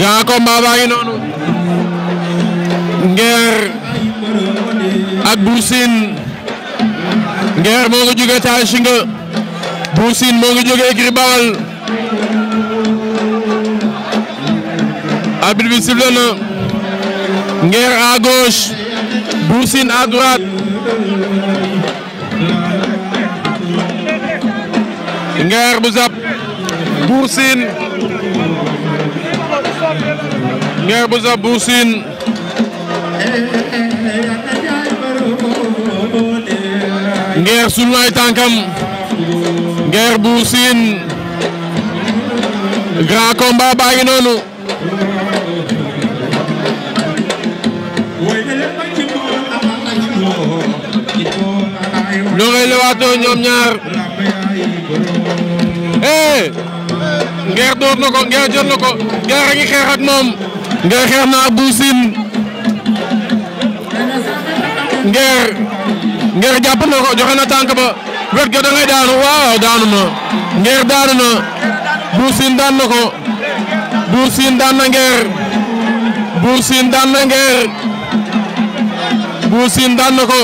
gaa combat baa ngi noonu Nguer ak Bour Sine Nguer moo ngi jóge taal singa moo ngi jóge écurie Bawal arbitre bi sifflé na à gauche Bour à droite Buur Siin Ngeer bu sa Buur Siin Ngeer sul nay tànkam Ngeer Buur Siin baa ngi noonu ñoo ngay lewaatoo ñoom ñaar Nguer door na ko Nguer jël na ko Nguer a ngi xeex ak moom Nguer xeex na Abdou Sine Nguer Nguer jàpp na ko joxe na tànk ba wet ga da ngay daanu waaw daanu na Nguer daanu na Buur Sine daan na ko Buur Sine daan na Nguer Buur Sine daan na Nguer Buur Sine daan na ko